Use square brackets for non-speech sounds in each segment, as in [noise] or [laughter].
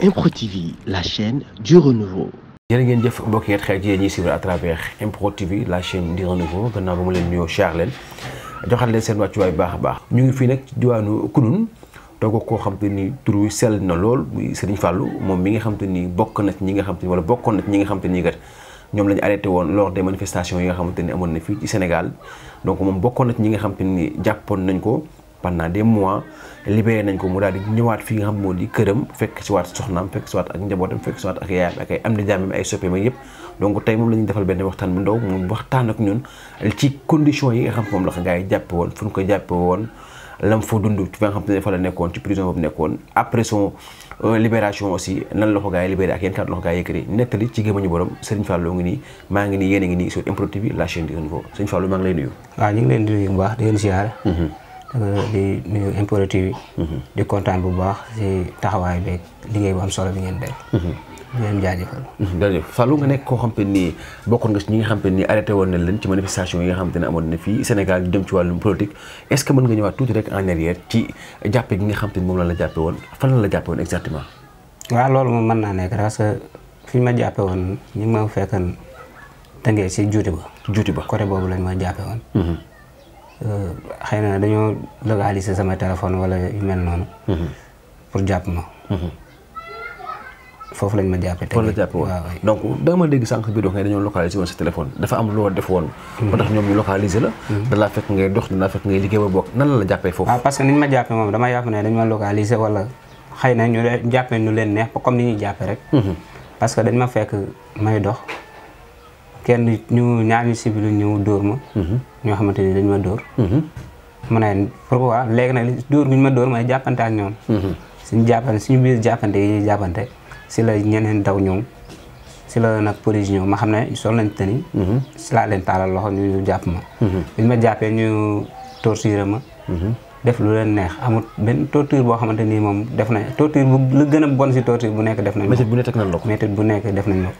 Impro TV la chaîne du renouveau. jërë ngeen jëf mbokk yi xeet yéen ñiy à travers Impro TV la chaîne du renouveau gannaaw ba mu leen nuyoo char leen joxaat leen seen wàccuwaay baax a baax. ñu ngi fii nag diwaanu Kunun toog koo xam te ni tur wi sell na lool muy Serigne Fallou moom mi nga xam te ni bokk na ci ñi nga xam te wala bokkoon na ci ñi nga xam te ni kat ñoom la arrêté woon lors des manifestations yi nga xamante ni amoon na fii ci Sénégal donc mom bokkoon na ci ñi nga xam te ni jàppoon nañ ko. pendant des mois libéré nañ ko mu daal di ñëwaat fi nga xam moo di këram fekk si waat soxnaam fekk si waat ak njabootam fekk si waat ak yaayam ak ay am ak yëpp donc tey moom la ñuy defal benn waxtaan bu ndaw mu waxtaan ak ñun ci condition yi nga xam moom la ko gars yi jàppe woon fu ko jàppe woon lam fa nekkoon ci prison boobu nekkoon après son euh, libération aussi ak yéen kàddu la ko gars yi yëkkati nettali ngi nii maa ngi nii yéen a ngi nii sur MPROD TV la chaîne du renouveau maa ngi lay nuyu waaw ñu leen di nuyu baax Euh, di nuyu Mprod TV bi mm-hmm. di kontaan bu baax si taxawaay beeg liggéey bu am solo bi ngeen def. Mm-hmm. di leen jaajëfal. Mm-hmm. jaajëf Fallou nga nekk koo xam te ni bokkoon nga si ñi nga xam te ni arrêté woon nañ leen ci manifestation yi nga xam te ne amoon na fii Sénégal di dem ci wàllum politique est-ce que mën nga ñëwaat tuuti rek en arrière ci jàppe gi nga xam te ni moom la la jàppe woon fan la la jàppe woon exactement. waaw loolu moom man naa nekk parce que fi ma jàppe woon ngi ma fekkan tënkee si juuti ba. juuti ba côté boobu lañ ma woon. Euh, xëy na dañoo localiser sama téléphone wala yu mel noonu. Mhm. pour jàpp ma. Mhm. foofu lañ ma jàppee tey. foofu la jàppee woon donc bi doon nga dañoo localiser woon sa am loo def woon. Mhm. ba tax ñoom la. dalaa fekk ngay dox dalaa fekk ngay liggéey ba bokk nan la la jàppee foofu. waaw parce que ni ñu ma jàppee moom dama wala xëy na ñu jàppee nu leen neex comme ni ñuy jàppee rek. parce que dañ ma fekk may dox. kenn ñu ñaar ñu sibi lu ñëw dóor ma mhm. ñoo xamante ni dañ ma dóor mhm. ma ne pourquoi léegi na dóor bu ñu ma dóor ma ne jàppante ak ñoom mhm. suñu biir jàppante yi ñuy jàppante si la ñeneen daw ñoom si la nag police ñëw ma xam ne sol nañ tëni si laa leen taalal loxo ñu jàpp ma bi ñu ma jàppee ñu torturé ma def lu leen neex amul benn torture boo xamante moom def na torture bu lu gën a bon si torture bu nekk def nañ méthode bu nekk def nañ ma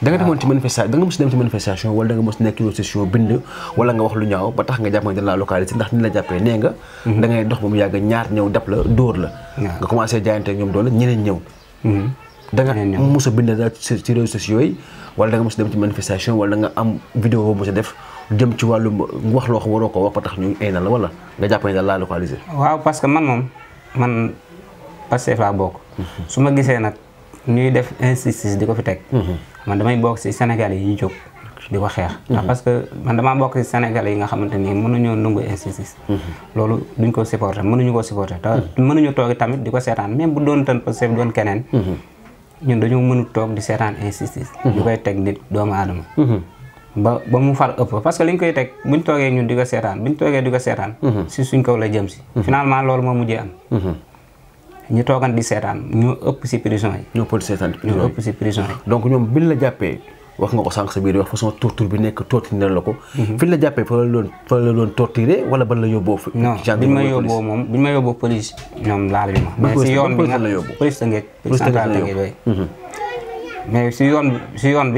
da nga demone ci manifestation da nga mos dem ci manifestation wala da nga mos nekk session bind wala nga wax lu ñaaw ba tax nga jàpp ne la localité ndax ni la jappé nee nga mhm. da ngay dox bu mu yag ñaar ñew dap la door la nga commencé jaayante ñoom doole ñeneen ñew mhm. da nga mos bind da ci réseaux sociaux wala da nga mos dem ci manifestation wala nga am vidéo bu mos def dem ci walu wax lo xam waroo ko wax ba tax ñu ay la wala nga jàpp ne la localité waaw parce que man mom man Pastef laa bokk mhm. su ma gisee ñuy def insistance di fi tek man damay bok ci sénégalais yi jog di ko xex mhm. ndax parce que man dama bok ci sénégalais yi nga xamanteni mënu ñu nungu injustice mhm. lolu duñ ko supporter mënu ñu ko supporter ta mhm. mënu ñu togi tamit diko sétane même bu doon tan parce que doon kenen ñun dañu mënu tok di sétane injustice yu koy tek nit doom adam ba ba mu far ëpp parce que liñ koy tek buñ toogee ñun diko sétane buñ toogee diko sétane ci suñ kaw la jëm ci finalement lolu mo mujjé am ñi toogan di seetaan ñoo ëpp si prison yi. ñoo ëpp seetaan ñoo ëpp si prison yi. donc ñoom biñ jàppee wax nga ko sànq sa biir wax façon torture bi nekk torture la ko. Mhm. fi la jàppee fa la doon fa la ban la yóbboo. gendarmerie non biñ moom biñ ma police ñoom laal bi ma. Mhm. mais si yoon bi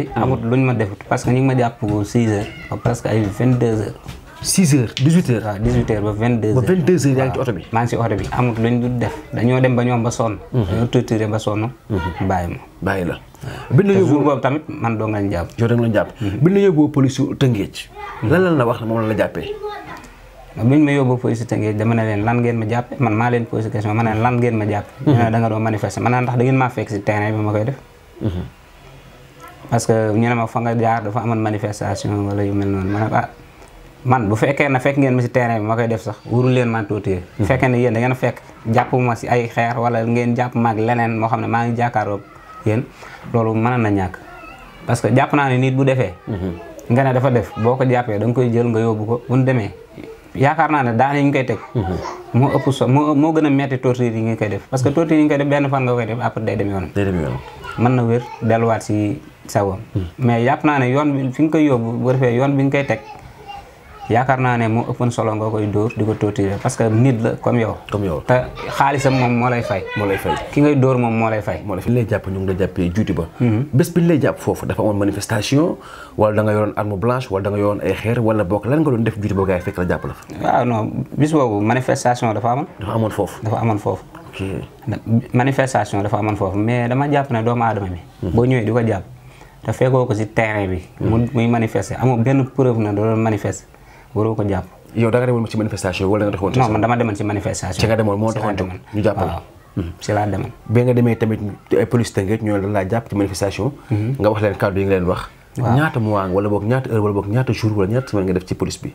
nga mhm. luñ ma defut parce que ñu ngi ma jàpp 6 heures. presque ay 22 heures. 6 heures 18 heures 18 ah, heures ba 22 heures ba 22 heures yaa ngi ci oto bi maa ngi ci oto bi amut luñ du def dañoo dem ba ñoom ba sonn mhm. dañoo torturé ba sonn mhm. bàyyi ma bàyyi la ah. bi ñu yóbbu boobu tamit man doo nga jàpp yow da nga jàpp mhm. bi ñu yóbbu police Tëngéej lan lan la wax moom la la jàppee bi ñu ma yóbbu police Tëngéej dama ne leen lan ngeen ma jàppe man maa leen posé question ma ne lan ngeen ma jàpp ñu da nga doon manifester ma ne ndax da ngeen maa fekk ci terrain bi ma koy def parce que ñu ne ma fa nga jaar dafa amoon manifestation wala yu mel noonu ma ne ah, man bu fekkee na fekk ngeen ma si terrain bi ma koy def sax wurul leen man tuuti hmm. bu fekkee ne yéen da ngeen fekk jàpp ma si ay xeer wala ngeen jàpp maag leneen moo xam ne maa ngi que jàpp naa ne nit bu defee hmm. nga ne dafa def boo ko jàppee da nga koy jël nga yóbbu ko bu ñu demee naa ne daan yi ñu koy teg hmm. moo ëpp so moo moo gën a metti torture yi nga koy def parce que torture yi nga koy def benn fan nga koy def après day dem yoonam day na wér delluwaat si sagoom mais jàpp naa ne yoon fi nga koy yóbbu bu defee yoon bi nga koy teg yaakaar naa ne moo ëppoon solo nga koy dóor di ko torturer parce que nit la comme yow. te xaalisam moom moo lay fay. moo lay fay ki ngay dóor moom moo lay fay. moo lay fay li jàpp ñu ngi la jàppee juuti ba. Mm-hmm. bés bi ñu lay jàpp foofu dafa amoon manifestation wala da nga xeer wala bokk lan nga doon def juuti ba gars yi fekk la jàpp la fa. waaw ah, dafa amoon. dafa amoon foofu dafa amoon foofu. ok manifestation dafa amoon foofu mais dama jàpp ne doomu adama bi. Mm-hmm. boo ñëwee di ko jàpp te fekkoo ko si terrain bi. Mm-hmm. muy manifester amul benn preuve na doon manifester waroo ko jàpp. yow da nga demoon ci manifestation wala nga taxawoon. non man dama demoon ci manifestation. ci nga demoon moo taxoon hmm. ci laa demoon. ba nga demee tamit ay police tëngeej ñoo la jàpp ci manifestation. Hmm. nga wax leen kàddu yi nga leen wax. ñaata mois wala boog ñaata heure ñaata jour wala ñaata semaine nga def ci police bi.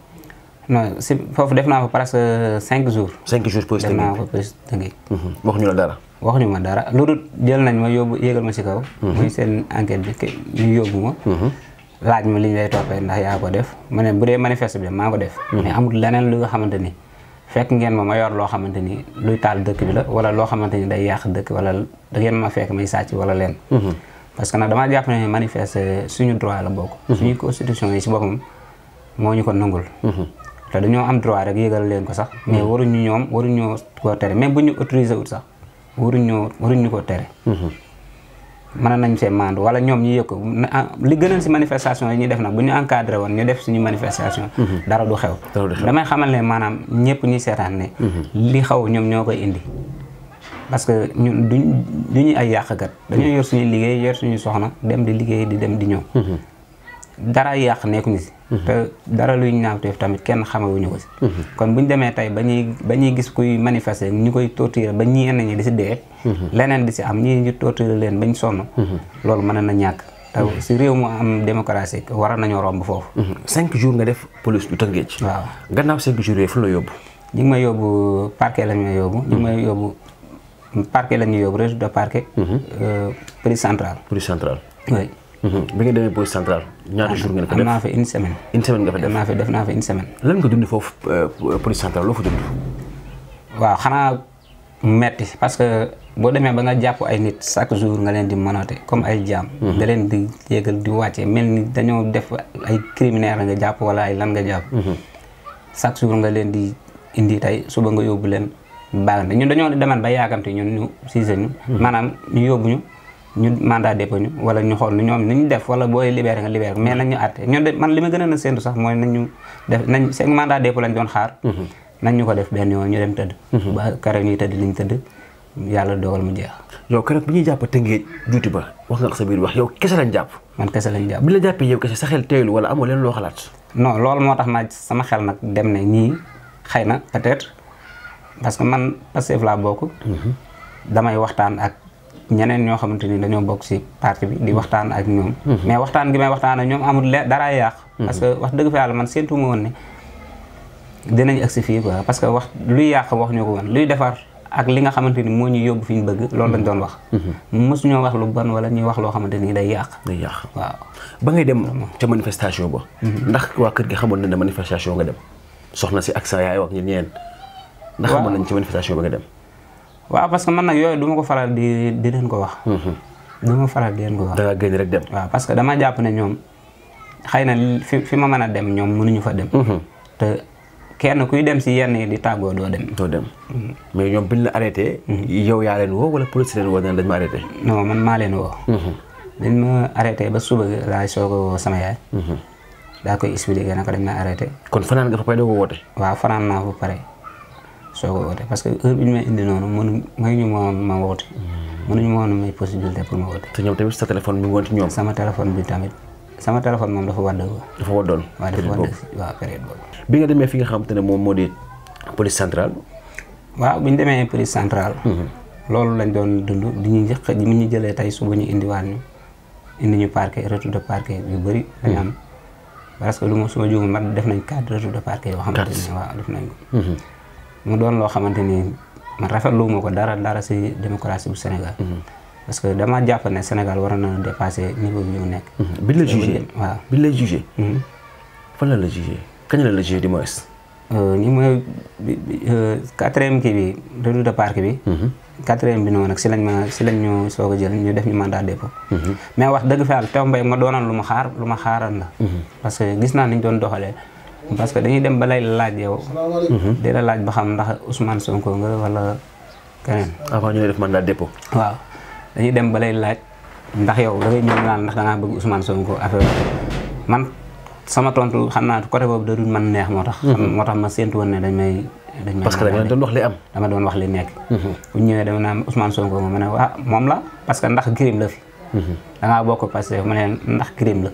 non si foofu def naa fa presque cinq jours. cinq jours police tëngeej def naa fa police tëngeej. Hmm. waxuñu la dara. waxuñu ma jël nañ ma yéegal laaj ma li ñu lay toppee ndax yaa ko def ma ne bu dee manifeste bi maa ko def. Hmm. mais amul leneen lu nga xamante ni fekk ngeen ma ma yor loo xamante ni luy taal dëkk bi la wala loo xamante ni day yàq dëkk wala da ngeen ma fekk may sàcc wala leen. Hmm. parce que nag jàpp ne manifeste suñu droit la bokk. Hmm. suñu constitution yi si boppam moo ñu ko nangul. te dañoo am droit rek yëgal leen ko sax. mais waruñu ñoom waruñu ko tere même bu ñu autorisé wut sax waruñu ñu ko tere. mën nañ see maandu wala ñoom ñu yëg ko ah, li gënal si manifestation yi ñuy def nag bu ñu encadré woon ñu def suñu manifestation mm-hmm. dara du xew damay xamal ne maanaam ñëpp ñuy seetaan ne mm-hmm. li xaw ñoom ñoo koy indi parce que ñun duñ du ñuy ay yàqkat dañoo mm-hmm. yor suñuy liggéey yor suñu soxna dem di liggéey di dem di ñëw dara yàq nekkuñu si te dara luy ñaawteef tamit kenn ñu ko si mhm. kon bu ñu demee tey ba ñuy ba ñuy gis kuy manifester ñu koy torturer ba ñenn ñi di si dee mhm. leneen di si am ñii ñu torturer leen bañ sonn mhm. loolu mën na ñàkk te si réew mu am démocratie war nañoo romb foofu cinq jours nga def police bu Tëngéej waaw gannaaw cinq jours yooyu fu la yóbbu ñu ngi may yóbbu parke lañ may yóbbu ñu ngi may la ñuy yóbbu registre de parquet euh, police centrale police centrale Mhm. bi nga demee police centrale ñaata ah, jour ngeen fa def am naa fa une semaine. une semaine nga fa def naa fa def euh, waaw xanaa metti parce que boo demee ba nga jàpp ay nit chaque jour nga leen di menotter comme ay jaam. nga mhm. leen di yéegal di wàcce mel ni dañoo def ay criminels nga jàpp wala ay lan nga jàpp. Mhm. chaque jour nga leen di indi tey suba nga yóbbu leen baax na ñun dañoo demoon ba yaakamte ñun ñu siise ñu. maanaam ñu yóbbu ñu. ñu mandat dépo ñu wala ñu xool ñom ni ñu def wala boy libéré nga libéré mais nañu nañ ñu man limi gëna na a sax moy nañu def nañ seen mandat dépo lañ doon xaar. Mhm. nañ ñu ko def ben yoon ñu dem tëdd. Mhm. ba kare ñuy tëdd liñ tëdd yalla dogal mu jeex. yow keroog bi ñuy jàpp tëngee juuti ba wax nga sa biir wax yow kessa lañ japp man kessa lañ japp bi la jappé yow kessa sa xel teyul wala amoo leen lo xalat non lool motax na sama xel nak dem ne ñii xeyna peut-être parce que man passé laa bokku mhm. damay waxtaan ak ñeneen ño xamanteni dañoo bok ci parti bi di waxtaan ak ñoom mhm. mais waxtaan gi may waxtaan ak ñoom amul dara yaax mhm. parce que wax deug fa yalla man séentu ma woon ne dinañ agsi fi quoi parce que wax luy yaax wax ñoko won luy defar ak li nga xamanteni mo ñu yobbu fi bëgg loolu lañ doon wax mësu mhm. ñoo wax lu bon wala ñi wax lo xamanteni day yaax day yaax waaw ba ngay dem ci manifestation ba ndax wa kër gi xamoon na manifestation nga dem soxna ci ak sa yaay wax ñeneen ndax xamoon nañ ci manifestation ba nga dem waaw parce que man nag yooyu du ko faral di di leen ko wax. Mhm. du ma faral di leen ko wax. da nga génn rek dem. waaw dama jàpp ne ñoom xëy na fi fi ma mën a dem ñoom mënuñu fa dem. Mhm. te kenn kuy dem si yenn yi di tàggoo doo dem. doo dem mhm. mais ñoom biñ la arrêté. yow yaa leen woo wala police leen woo ne dañ ma arrêté. non man maa leen woo. dañ ma arrêté ba suba laay soog sama yaay. daa koy expliqué na dañ ma arrêté. kon fanaan nga fa pare doo ko woote. waaw fanaan naa fa pare. soo ko wootee parce que heure bi ñu may indi noonu mënu mayuñu ma ma woote. Hmm. mënuñu ma woon may possibilité pour ma woote. sa téléphone mi woon ci ñoom. sama téléphone bi tamit sama téléphone moom dafa wàdd. dafa waddoon waaw dafa wadd waaw période boobu. bi nga demee fi nga xamante ne moom moo di police centrale. waaw bi ñu demee police centrale. Hmm. loolu lañ doon dund di ñu njëkk di ñu jëlee tey suba ñu indiwaat ñu indi ñu parquet retour de parquet yu bëri dañ hmm. am parce que lu ma suma juum man def nañ quatre retour de parquet yoo xamante ne waaw def nañ mu doon loo xamante ni man rafetlu ko dara dara si démocratie bu Sénégal. Mhm. parce que dama jàpp ne Sénégal war na dépasser niveau bi mhm. ñu nekk. bi la jugé waaw bi la jugé. Mhm. fan la la jugé kañ la la jugé di Moïse. Euh, ni mooy euh, quatrième kii bi revue de parc bi. quatrième bi noonu nag si lañ ma si lañ ñu soog a jël ñu def ñu mandat dépôt. mais wax dëgg fa yàlla mbay ma doonoon lu ma xaar lu ma xaaral la. parce que gis naa ni doon doxalee. parce que dañuy dem ba lay laaj yow. di la laaj ba xam ndax Ousmane Sonko nga wala keneen. avant ñooy def mandat dépôt. waaw dañuy dem ba lay laaj ndax yow dangay ñëw naan ndax dangaa bëgg Ousmane Sonko affaire man sama tontu xam naa côté boobu da man neex moo tax. Mhm. moo tax ma séntu woon ne dañ may. dañ may parce que da doon wax li am. dama doon wax li nekk. Mhm. bu ñëwee dama naan Ousmane Sonko ma ne waa ah, moom la parce que ndax crime la fi. Mhm. dangaa bokk parce que ma ne ndax crime la.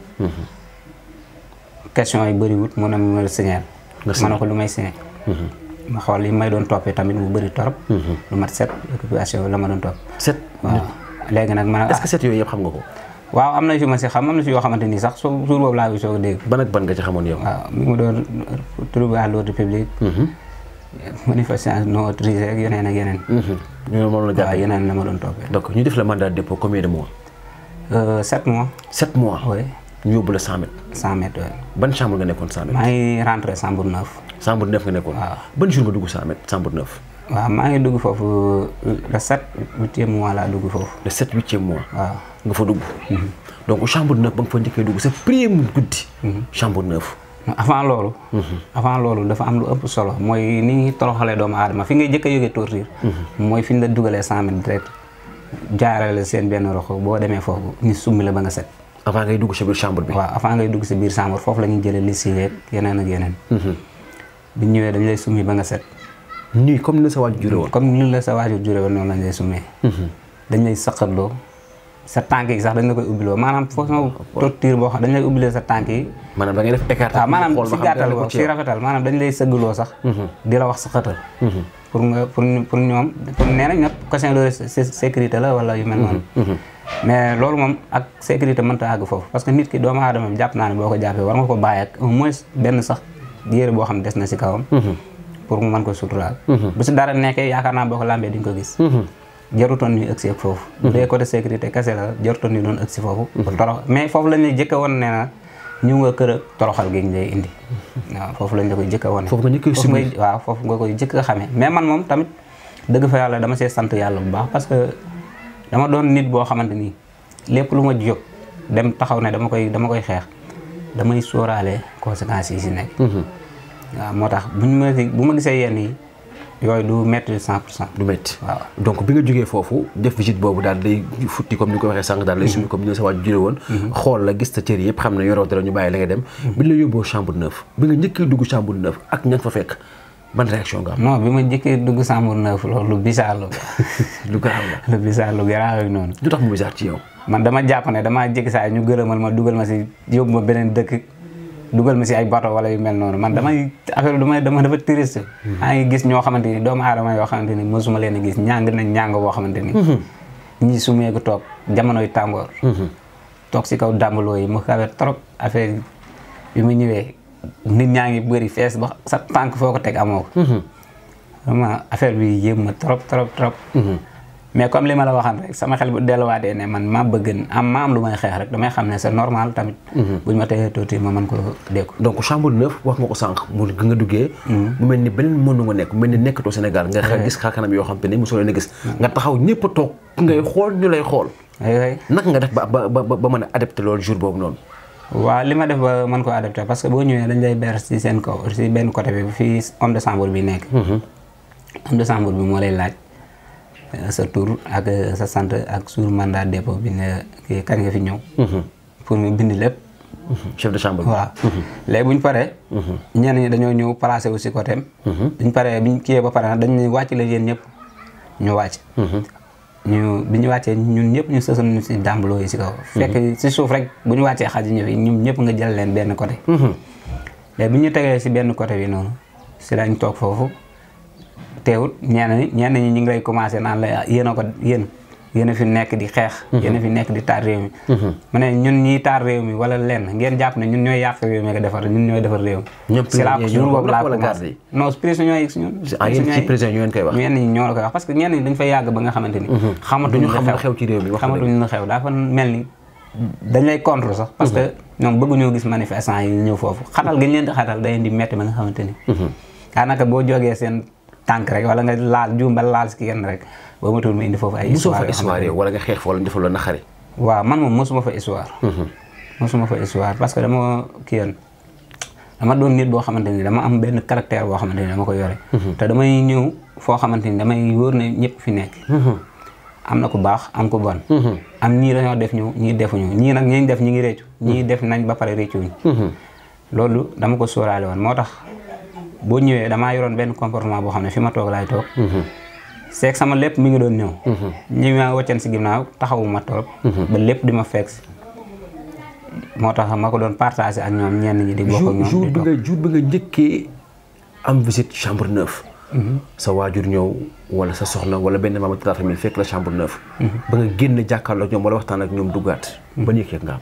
question yi bëriwut mu ne ma signal ma ne ko lu may signal mhm. ma xool yi may doon toppee tamit mu bëri torop mhm. lu mat set occupation la ma doon topp set waaw nag ma ne est ah. xam nga ko waaw am na ci ma si xam am na si yoo xamante nii sax soo jour boobu laa bi soo ko dégg ban ak ban nga ci xamoon yow waaw doon trouble à l'ordre public mhm. manifestation non autorisée ak yeneen ak yeneen ñu moom la yeneen la ma doon toppee donc ñu def la mandat de dépôt combien de mois euh, sept mois ñu yóbbu la 100 mètres. ban chambre nga nekkoon 100 mètres. maa chambre 9. chambre 9 nga nekkoon. ban jour nga dugg 100 chambre 9. waaw maa dugg foofu le 7 8e mois laa dugg foofu. le 7 8e mois. nga fa dugg. Mhm. donc chambre 9 ba fa njëkkee dugg sa premier guddi. Mhm. chambre 9. avant loolu. Mhm. avant loolu dafa am lu ëpp solo ni fi ngay la direct jaarale seen benn rox boo demee foofu ñu summi la ba nga set. avant ngay dugg si biir chambre bi. waaw avant ngay dugg si biir chambre foofu la ñuy jëlee liste yeeg yeneen ak yeneen. Mhm. bu ñu ñëwee dañu lay summi ba nga set. nii comme ni sa waajur jure woon. sa waajur noonu lañ lay summee. Mhm. dañ lay saqatloo sa tànk yi sax dañ la koy ubbiloo maanaam façon torture boo xam dañ lay ubbiloo sa tànk yi. maanaam da ngay def écart. waaw si gàttal ko si rafetal maanaam dañ lay sëggaloo sax. Mhm. di la wax saqatal. pour nga pour pour ñoom pour nee nañ nag question de sécurité la wala yu mais loolu moom ak sécurité mënta àgg foofu parce que nit ki doomu aadama bi jàpp naa ne boo ko jàppee war nga ko bàyyi ak au moins benn sax yére boo xam des na si kawam mhm. pour mu ko suturaal mhm. bu si dara nekkee yaakaar naa boo ko làmbee duñ ko gis mhm. jarutoon ñu ëgsi ak foofu bu torox mais foofu la jëkk woon nee na ñu nga kër ak toroxal gi ñu lay indi waaw foofu lañ la koy jëkk a wane foofu nga jëkk a xamee mais man moom tamit dëgg fa yàlla dama dama doon nit boo xamante ni lépp lu ma jóg dem taxaw ne dama koy dama koy xeex damay sooraalee conséquences yi si nekk. Mhm. waaw moo tax bu ma bu ma gisee yenn yi yooyu du métti cent pour cent. du métti waaw donc bi nga jógee foofu def visite boobu daal day futti comme ni nga ko waxee sànq daal day mhm. sumi comme ni nga sa waaju jure woon. Mhm. xool la gis ta cër yëpp xam ne yoroo dara ñu bàyyi la nga dem. bi la yóbboo chambre neuf bi nga njëkkee dugg chambre neuf ak ñan fa fekk. ban réaction nga am. non bi ma njëkkee dugg chambre neuf loolu lu bizarre la [laughs] lu garaaw la lu bizarre lu garaaw noonu. lu tax mu bizarre ci yow. man dama jàpp ne damaa jékki saa ñu gërëmal ma dugal ma si yóbbu ma beneen dëkk dugal ma si ay bato wala yu mel noonu man damay affaire damay dama dafa triste. Hmm. maa ngi gis ñoo xamante ni doomu aadama yoo xamante ni mosuma leen a gis ñàng nañ ñàng boo xamante ni. Hmm. ñii su meeku toog jamonoy tàngoor. Hmm. toog si kaw dàmbaloo yi mu xawee trop affaire bi mu ñëwee. nit ñaa ngi bëri fees ba sa tànk foo ko teg amoo ko vraiment mm-hmm. affaire bi yéem ma trop trop trop mm-hmm. mais comme li ma la waxan rek sama xel bu delluwaatee ne man maa bëgg am ma am lu may xeex rek damay xam ne sa normal tamit mm-hmm. buñ ma teyee tuuti ma mën ko dékku donc chambre neuf wax nga ko sànq mu gi nga duggee mu mel ni beneen mënu nga nekk mu mel ni nekkatoo Sénégal nga xeex gis xaakanam yoo xam te ne mosu leen a gis nga taxaw ñëpp a toog ngay xool ñu lay xool naka nga def ba ba ba mën a adapté loolu jour boobu noonu waaw li ma def ba mën ko adapté parce que boo ñëwee dañ lay ber si seen kaw si benn côté bi fii homme de chambre bi nekk. Mhm. homme de chambre bi moo lay laaj euh, sa tur ak euh, sa sant ak sur mandat dépôt bi nga kii kañ nga fi ñëw. Mhm. pour mu bind lépp. Mhm. chef de chambre bi waaw. bu ñu paree. ñi dañoo ñëw placé wu si côté am. bu ñu paree bu ba pare nag dañu wàcc la yéen ñu wàcc. ñu bi ñu wàccee ñu ñëpp ñu sësoon ñu si dàmbaloo yi si kaw. Mhm. fekk si suuf rek bu ñu wàccee xaj ñu fi ñun ñëpp nga jël leen benn côté. léegi mhm. bi ñu tegee si benn côté bi noonu si lañ toog foofu teewut ñenn ñi ñenn ñi ñu ngi lay commencé naan la ah, yéen a ko yéen. yéen a fi nekk di xeex mhm. yéen a fi nekk di taar réew mi mhm. ma ne ñun ñuy taar réew mi wala lenn ngeen jàpp ne ñun ñooy yàq réew mi ko defar ñun ñooy defar réew mi ah, que ñenn ñi ba nga xamante ni mhm. xamatuñu xew ci xamatuñu la xew dafa mel ni dañ lay contre sax parce que ñoom bëgguñoo gis manifestant yi ñëw foofu xatal gañ leen di xatal day indi metti ba nga xamante ni daanaka boo jógee seen tànk rek wala nga laal juum ba laal si ki kenn rek boo matul mu indi foofu ay histoire yoo wala nga xeex fa wala ñu defal la naqari waaw man moom mosuma fa histoire mhm. mosuma fa histoire parce que dama kiyan dama doon nit boo xamante ni dama am benn caractère boo xamante loolu dama ko sóoraale woon moo tax boo ñëwee damaa yoroon benn comportement boo xam ne fi ma toog laay toog. Mhm. seeg sama lépp mi ngi doon ñëw. Mhm. ñi ma si ginnaaw taxawu ma toog. Mhm. ba lépp di ma fekk moo tax ma ko doon partagé ak ñoom ñenn ñi di bokk ak ñoom jour bi nga jour bi nga njëkkee am visite chambre neuf. sa ñëw wala sa soxna wala benn membre de ta famille fekk la chambre neuf. ba nga génn jàkkaarloo ak ñoom wala waxtaan ak ñoom duggaat. ban yëg-yëg nga am.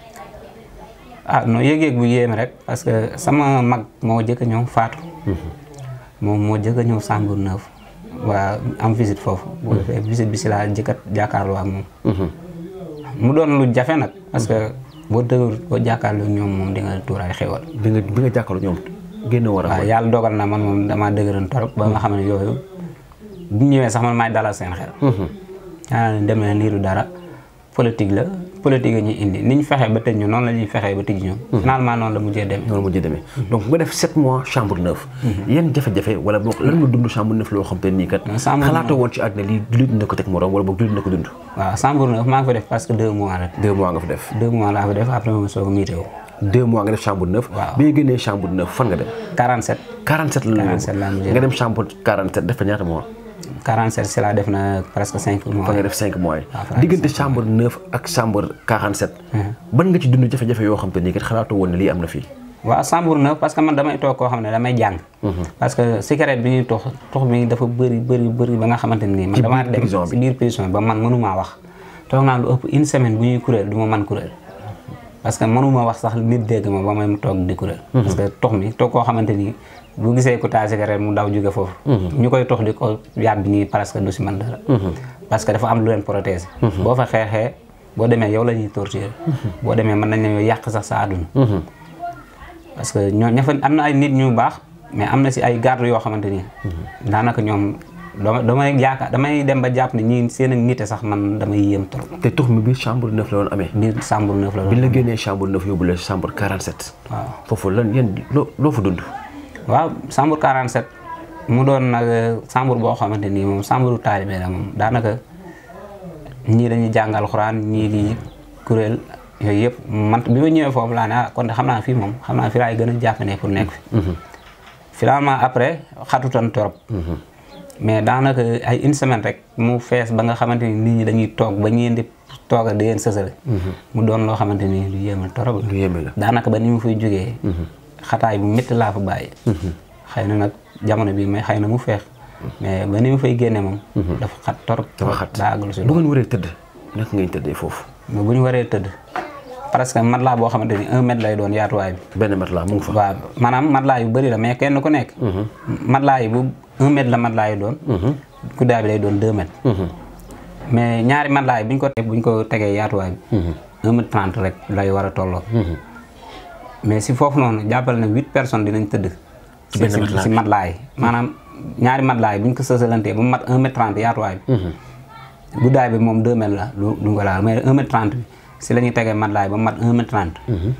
ah noo yéeg-yéeg bu yéeme rek parce que sama mag moo jëkk a ñëw faatu mm-hmm. moom moo jëkk a ñëw Sambour neuf waa am visite foofu mm-hmm. boo defee visite bi si laa jëkkat jàkkaarloo ak moom mm-hmm. mu doon lu jafe nag parce que boo dëgër boo jàkkaarloo ñoom moom di nga tuur ay xéwal bi nga bi nga yàlla dogal na man moom damaa ba nga xam ne yooyu bu ñëwee sax man maay dalal seen xel yaa demee niiru dara politique la politique yi ñuy indi ni ñu ba tëj ñu noonu la ñuy fexee ba tëj ñu. Mhm. finalement la mujjee demee. noonu la mujjee demee donc nga def 7 mois chambre neuf. Mhm. yan nga def mois nga def. 2 mois laa def après ma soog a nga def chambre def fa ñaata mois 47 si laa def na presque 5 mois. diggante chambre 9 ak chambre 47. Uh-huh. ban nga ci dund jafe-jafe yoo xam te ni kat xalaatoo woon ne lii am na fii. waaw chambre 9 parce que man damay toog koo xam ne damay jàng. Uh-huh. parce si biir prison ba man mënumaa wax. toog naa lu ëpp une semaine bu ñuy kuréel du ma mën kuréel. parce wax sax nit dégg ma ba may toog di kuréel. Uh-huh. parce toog koo xamante ni. bu gisee ko taal cigarette mu daw jóge foofu. Mhm. ñu koy tox di ko yàbbi nii presque que du si man dara. Mhm. parce que dafa am lu leen protéger. Mhm. boo fa xeexee boo demee yow la ñuy torturer. boo demee mën nañ la yàq sax sa àdduna. parce que ñoo ña fa am na ay nit ñu baax mais am na si ay garde yoo xamante ni. daanaka ñoom dama damay yaaka damay dem ba jàpp ne ñii seen ak nite sax man damay yéem trop. te tux mi bi chambre neuf la woon amee. bi chambre neuf la woon bi la génnee chambre neuf yóbbu la chambre 47. waaw foofu lan yéen loo loo fa dund. waaw chambre 47 mu doon nag chambre euh, boo xamante ni moom chambre taalibe la moom daanaka ñii dañuy jàngal xuraan ñii di kuréel yooyu yëpp man bi ma ñëwee foofu laa ne ah kon de xam naa fi moom xam naa fi laay gën a jàppane pour nekk fi. Mhm. finalement après xatutan torop mhm. mais daanaka ay une semaine rek mu fees ba nga xamante ni nit ñi dañuy toog ba ñeen di toogal di leen sësale mhm. mu doon loo xamante ni lu yéeme torop la daanaka ba ni mu fay jógee xataay bu métti laa fa bàyyi. Mhm. xëy na nag jamono bii may xay na mu feex. mais ba ni mu fay génne moom. Mhm. dafa xat torop. dafa xat daa àggalu si lu ngeen waree tëdd naka ngeen tëddee foofu. bu ñu waree tëdd parce que matelas boo xamante ni un lay doon yaatuwaay bi. benn matelas mu ngi fa. waaw maanaam matelas yu bëri la mais kenn ku nekk. Mhm. matelas yi bu un mètre la matelas yi doon. guddaay bi lay doon deux mètres. mais ñaari matelas yi bu ñu ko teg bu ñu ko tegee yaatuwaay bi. un mètre trente rek lay war a tolloo. mais si foofu noonu jàppal na huit personnes dinañ tëdd. si si matelas maanaam ñaari matelas yi buñ ko sësalantee ba mu mat un mètre trente yaatuwaay bi. Mhm. guddaay bi moom deux mètres la lu lu nga laal mais un mètre trente bi si la ñuy tegee matelas laay ba mu mat un mètre trente. Mhm.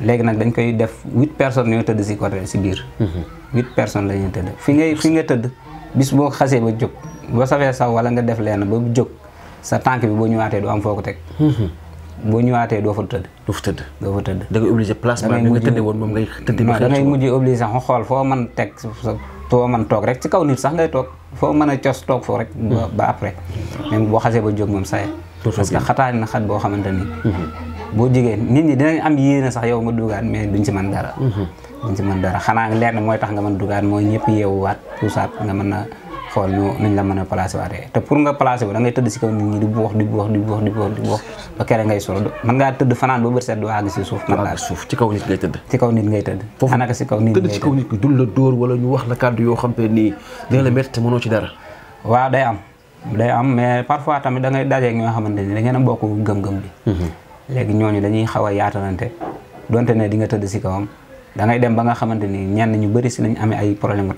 léegi nag dañ koy def huit personnes ñoo tëdd si côté si biir. Mhm. huit personnes la ñuy tëdd fi ngay fi nga tëdd bis boo xasee ba jóg boo safee saw wala nga def leen ba jog sa tànk bi boo ñëwaatee du am foo ko teg. boo ñëwaatee doo fa tëdd. doo fa tëdd doo fa tëdd. da ngay obligé placement bi nga tëddee xool foo mën teg foo mën toog rek ci kaw nit sax ngay toog foo mën a cos toog foo rek. Hmm. ba après même boo xasee ba jóg moom saye parce que xataa na xat boo xamante ni. Hmm. boo jigéen nit ñi dinañ am yéene sax yow nga dugaat mais duñ ci mën dara. Hmm. duñ ci mën dara xanaa leer na mooy tax nga mën dugaat mooy ñëpp yeewuwaat puusaat nga mën a. xool ñu nuñ la mën a placé waatee te pour nga placé wu da ngay tëdd si kaw nit ñi di bu wax di bu wax di bu mhm. wax di bu wax di bu wax ba kere ngay solo mën ngaa tëdd fanaan ba bërset doo àgg si suuf mën ngaa suuf ci kaw nit ngay tëdd ci kaw nit ngay tëdd foofu anaka si kaw nit tëdd si kaw nit ki dul la dóor wala ñu wax la kàddu yoo xam te nii dina la métti mënoo ci dara waaw day am day am mais parfois tamit da ngay dajeeg ñoo xamante da ngeen a bokk gëm-gëm bi léegi ñooñu dañuy xaw a donte ne di nga tëdd si kawam da ngay dem ba nga xamante ni ñu bëri si nañ amee ay problème bu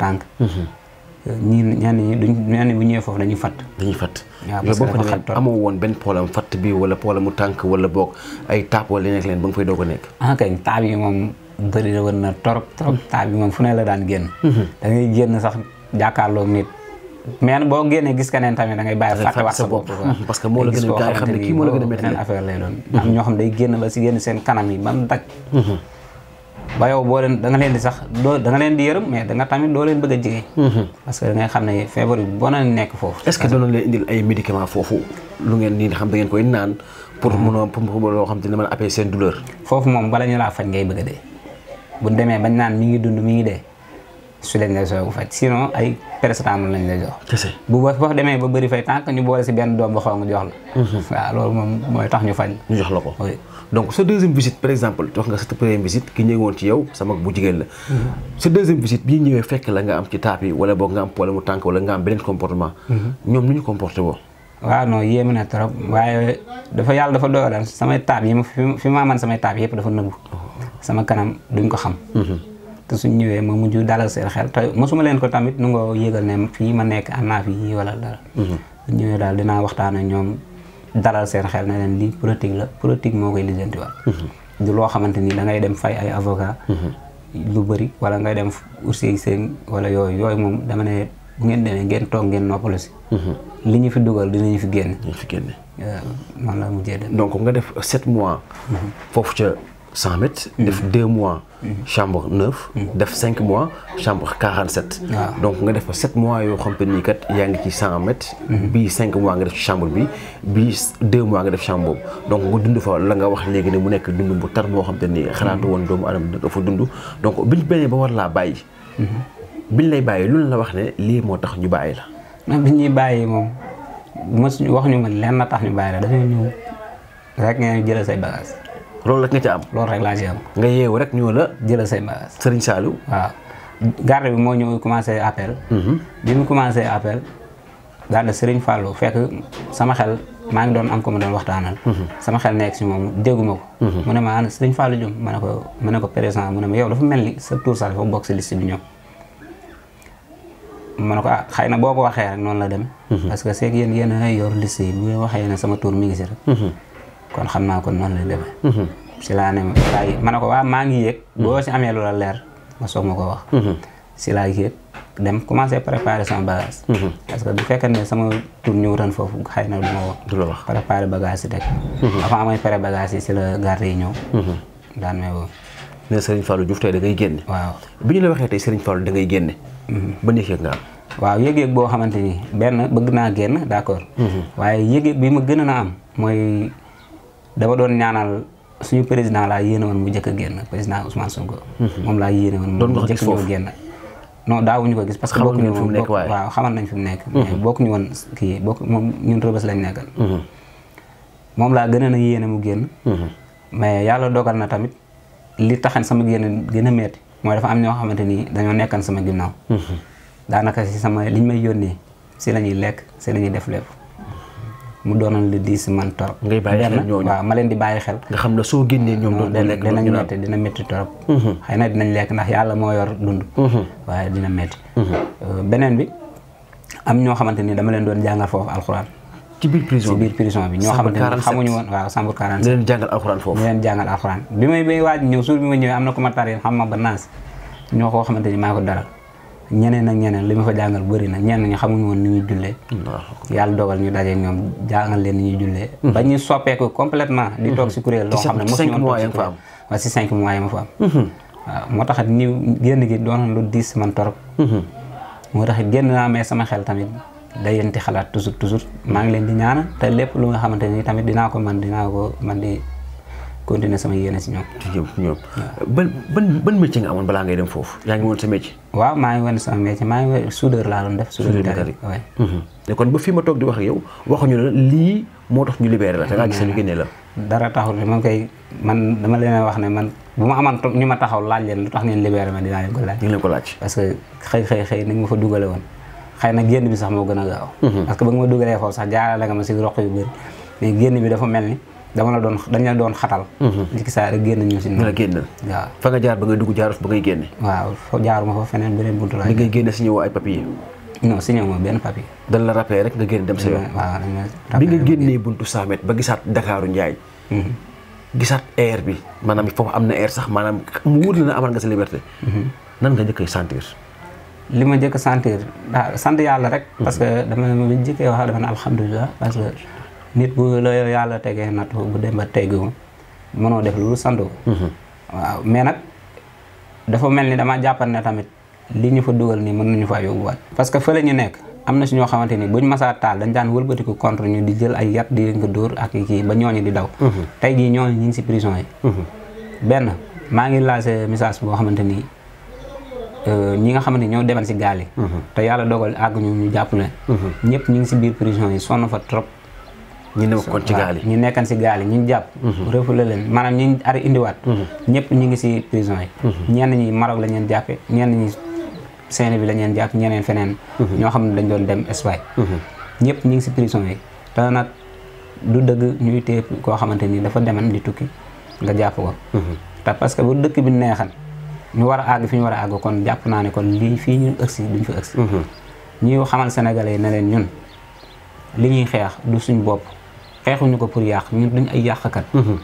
ñii ñaan ñi bu ñëwee foofu dañuy fatt dañuy fatt waaw parce que dafa xat amoo woon benn problème fatt bi wala problème tànk wala boog ay taab wala nekk leen ba nga fay doog a nekk ah kay mhm. da ngay génn sax jàkkaarloo nit mais boo génnee gis keneen tamit da ngay bàyyi fàtte wax sa bopp parce que moo la gën a gaa yi a métti affaire lay doon am ñoo day génn ba si génn seen kanam yi ba daj mhm. ba yow boo leen da leen di sax doo da nga leen di yërëm mais da nga tamit doo leen bëgg a jege. Mhm. parce que da ngay xam ne feebar boo na nekk foofu. est-ce que doon leen indil ne mhm. mën moom bala a dee bu demee bañ naan mi ngi dund mi ngi dee su leen lay soogu faj sinon ay paracetamol lañ lay jox. kese bu boo boo demee ba bëri fay tànk ñu boole si benn doom ba xaw jox la. Mhm. waaw loolu moom mooy tax ñu faj. ñu jox la ko donc sa deuxième visite par exemple wax nga sa première visite ki ñëwoon ci yow sama bu jigéen la. Mm-hmm. sa deuxième visite bi ñëwee fekk la nga am ci taab yi wala boog nga am problème mu tànk wala nga am beneen comportement. Mm-hmm. ñoom nu ñu ah, dafa yàlla dafa doyoon samay taab yi fi ma man samay taab yëpp dafa nëbbu. Oh. sama kanam duñ ko xam. Mm-hmm. te suñ ñëwee ma mujj dalal seen xel te mosuma leen ko tamit nu nga yëgal ne fi ma nekk am naa yi yii wala dara. ñëwee daal dinaa waxtaan ak ñoom. dalal seen xel ne leen lii politique la politique moo koy lijjantiwaat. Mm-hmm. du loo xamante ni da ngay dem fay ay avocat mm-hmm. lu bëri wala ngay dem aussi seen wala yooyu yooyu moom dama ne bu ngeen demee ngeen toog ngeen noppalu si. Mm-hmm. li ñu fi dugal dinañu fi fi génn. man euh, la mujjee dem. donc nga def sept mois. foofu ca. 100 mètres. def 2 mhm. mhm. mhm. mois. chambre 9. def 5 mois chambre 47. waaw donc nga def fa 7 mois yoo xam te kat yaa ngi ci 100 mètres. bii 5 mois nga def ci chambre bi bii 2 mois nga def chambre boobu donc nga dund fa la nga wax léegi ne mu nekk dund bu tar boo xam te ni xalaatu woon doomu aadama da fa dund donc biñ benee ba war laa bàyyi. biñ lay bàyyi lu la wax ne lii moo tax ñu bàyyi la. mais bi ñuy bàyyi moom mos wax ñu ma lenn tax ñu bàyyi la na ñëw rek ngeen loolu rek nga ci am. loolu rek laa ci am. nga yeewu rek ñëw la. jëlal say bagages. Serigne Saliou. waaw garde bi moo ñëw commencé appel. Mhm. bi mu commencé appel daal sëriñ Serigne Fallou fekk sama xel maa ngi doon am ko ma doon waxtaanal. Mhm. sama xel nekk si moom dégguma ko. Mhm. mu ne ma ana Serigne Fallou Diom ma ne ko ma ne ko président mu ma yow dafa mel ni sa tur sax dafa bokk si liste bi ñoom. ma ne ko ah xëy na boo ko waxee rek noonu la dem parce que seeg yéen yéen a yor liste yi bu waxee ne sama tur mi ngi si kon xam naa kon noonu lay demee. Mhm. si laa ne ma ko waa maa ngi yéeg. Mhm. boo si amee lu la leer nga soog ma ko wax. Mhm. si laa yéeg dem commencé préparer sama bagage. parce que bu fekkee ne sama tur ñëwutoon foofu xëy na du ma wax. du la wax préparer bagage yi rek. avant may pare yi si la garde yi ñëw. daan may woo. ne Serigne Fallou Diouf tey da ngay génne. waaw bi ñu la waxee tey Serigne Fallou da génne. ba yëg-yëg nga am. waaw yëg-yëg boo xamante benn bëgg naa génn d' accord. a dama doon ñaanal suñu président laa yéene woon mu njëkk a génn président Ousmane Sonko. Mhm. moom laa yéene woon. doon nga gis foofu mu génn. non daawuñu ko gis parce que. xamal nañ fi mu nekk waaye waaw xamal nañ fi mu nekk. mais bokkuñu woon kii bokk moom ñun rëbës lañ nekkal. Mhm. laa gën a yéene mu génn. Mhm. mais yàlla dogal na tamit li taxan sama génn gën a metti mooy dafa am ñoo xamante ni dañoo nekkan sama ginnaaw. daanaka si sama liñ may yónnee si la ñuy lekk si la ñuy def mu doonoon lu diis man torop ngay ma leen di bàyyi xel nga xam ne soo génnee ñoom doon lekk dinañ métti dina métti torop mhm. xëy na dinañ lekk ndax yàlla moo yor dund mhm. waaye dina métti mhm. euh, beneen bi am ñoo xamante ni dama leen doon jàngal foofu alxuraan ci biir prison ci bi ñoo xamante ne xamuñu woon waaw Sambour 47 di leen jàngal alxuraan foofu di leen jàngal bi may bay waaj ñëw suur bi ma ñëwee am na ku ma taree xam ma ba ñoo koo xamante ni maa ko daral ñeneen ak ñeneen li ma fa jàngal bëri na ñenn ñi xamuñu woon ni ñu jullee yàlla dogal ñu daje ñoom jàngal leen ni ñuy jullee hmm. ba ñu soppeeku completement di toog si hmm. kuréel loo xam ne mosuñu woon toog si kuréel waaw si cinq mois yi ma hmm. moo taxit ni génn gi doon lu diis man torop moo taxit génn naa mais sama xel tamit day dayanti xalaat toujours toujours maa ngi leen di ñaana te lépp lu nga xamante ni tamit dinaa ko man dinaa ko man di kontiné sama yéne ci ñoom. ci ñoom ban ban ban métier nga amone bala ngay dem fofu ya ngi won sa métier. waaw ma ngi won sama métier ma ngi soudeur la doon def. soudeur métallique waaw. kon bu fi ma tok di wax ak yow waxu ñu li mo tax ñu libéré la da nga gis ñu gënné la. dara taxul man kay man dama leen wax né man bu ma amoon ñu ma taxaw laaj leen lu tax ngeen libéré ma dinaa leen ko laaj. ñu leen ko laaj. parce que xey xey xey nañ ma fa duggalé won xëy na génn bi sax mo gëna gaaw. parce que ba nga ma dugalee foofu sax la nga ma ci roq yu bir mais génn bi dafa melni dama la doon dañ la doon xatal. ci mhm. saa rek genn ñu ci noonu. nga génn waaw fa nga jaar ba ngay dugg jaar ba ngay génne. waaw jaar ma fa feneen benen buntu la ni ngay genn signé woo ay papier. non signé ma benn papier. dañ la rappelé rek nga genn dem sa yoon. waaw bi nga genné buntu samet ba gisat Dakaru Ndiaye. Mhm. gisat air bi manam foofu amna air sax manam mu wóor na amal nga sa liberté. Mhm. nan nga njëkk sentir. lima ma njëkk a sentir ah, sant yalla rek. parce que dama ne ma njëkkee wax dafa ne parce que. nit bu la yàlla tegee nattu bu dem ba teggu mënoo def lu sant ko mhm. waaw mais nag dafa mel ni dama jàppan ne tamit li ñu fa dugal nii mën nañu faa yóbbuwaat parce que fële ñu nekk am na si ñoo xamante ni buñ masaa taal dañ daan wëlbatiku contre ñu di jël ay yat di leen dóor ak kii ba ñooñu di daw mhm. tey jii ñooñu ñu ngi si prison yi mhm. benn maa ngi lancé message boo xamante ni euh, ñi nga xamante ni ñoo demal si gaal yi te yàlla dogal àgg ñu ñu jàpp yi sonn fa trop ñi nekkoon ci gaal yi ñi nekkan si gaal yi ñu jàpp mhm. refule leen maanaam ñi ar indiwaat mhm. ñëpp ñu ngi si prison yi mhm. ñenn ñi Maroc la ñeen jàppe ñenn ñi saint bi la ñeen jàpp ñeneen feneen ñoo xam ne dañ doon dem Espagne ñëpp ñu ngi si prison yi te nag du dëgg ñuy téye koo xamante ni dafa deman di tukki nga jàpp ko te parce que bu dëkk bi neexal ñu war a àgg fu ñu war a àgg kon jàpp naa ne kon lii fii ñu ëgsi duñ fa ëgsi ñuy xamal sénégalais yi ne leen ñun li ñuy xeex du suñ bopp xeexuñu ko pour yàq ñun duñ ay yàqkat mhm.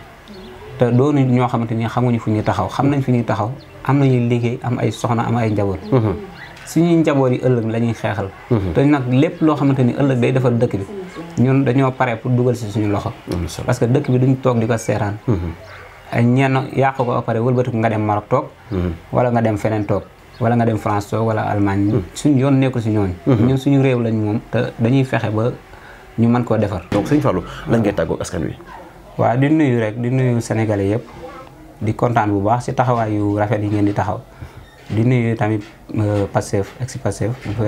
te doonu ñoo xamante ni xamuñu fu ñu taxaw xam nañ fu ñuy taxaw am nañu liggéey am ay soxna am ay njaboot mhm. suñuy njaboot yi ëllëg la ñuy xeexal mhm. te nag lépp loo xamante ni ëllëg day defal dëkk bi ñun dañoo pare pour dugal si suñu loxo parce que dëkk bi duñ toog di ko seeraan ay ñenn yàq ko ba pare wëlbatiku nga dem Maroc toog wala nga dem feneen toog wala nga dem France toog wala Allemagne suñu yoon nekku si ñooñu ñu mën koo defar. donc sëñ Fallou lan ngay tàggoog askan wi. waaw di nuyu rek di nuyu sénégalais yëpp di kontaan bu baax si taxawaay yu rafet yi ngeen di taxaw di nuyu tamit euh, Pastef ex Pastef bu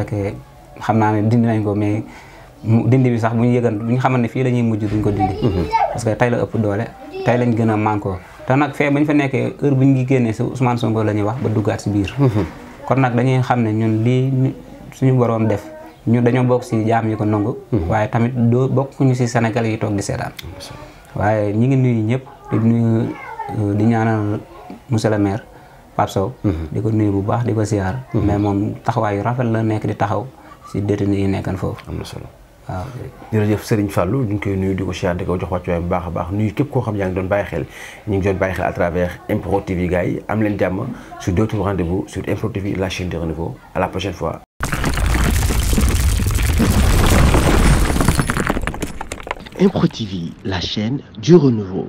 xam naa ne dindi nañ ko mais dindi bi sax bu ñu yëgan bu ñu xamal ne fii la mujj duñ ko dindi. Mhm. parce que tey la ëpp doole tey lañ gën a mànkoo te nag fee bañ fa nekkee heure bu ñu génnee si Ousmane Sonko la ñuy wax ba duggaat si biir. Mhm. kon nag dañuy xam ne ñun lii suñu boroom def. ñu dañoo bokk si jaam yi ko nangu. Mhm. waaye tamit doo bokkuñu si Sénégal yi toog di seetaan. waaye ñi ngi nuyu ñëpp di nuyu euh, di ñaanal monsieur le maire Pape Sow. Mhm. di ko nuyu bu baax di ko siyaar. Mhm. mais moom taxawaayu rafet la nekk di taxaw si détenu yi nekkan foofu. am waaw di ko siyaar di ko jox wàccuwaay bu baax a baax nuyu képp koo xam yaa ngi doon bàyyi xel ñu ngi doon bàyyi xel à travers MPROD TV gars yi am leen jàmm su d'autres rendez-vous sur su TV la chaîne fois. ImproTV, la chaîne du renouveau.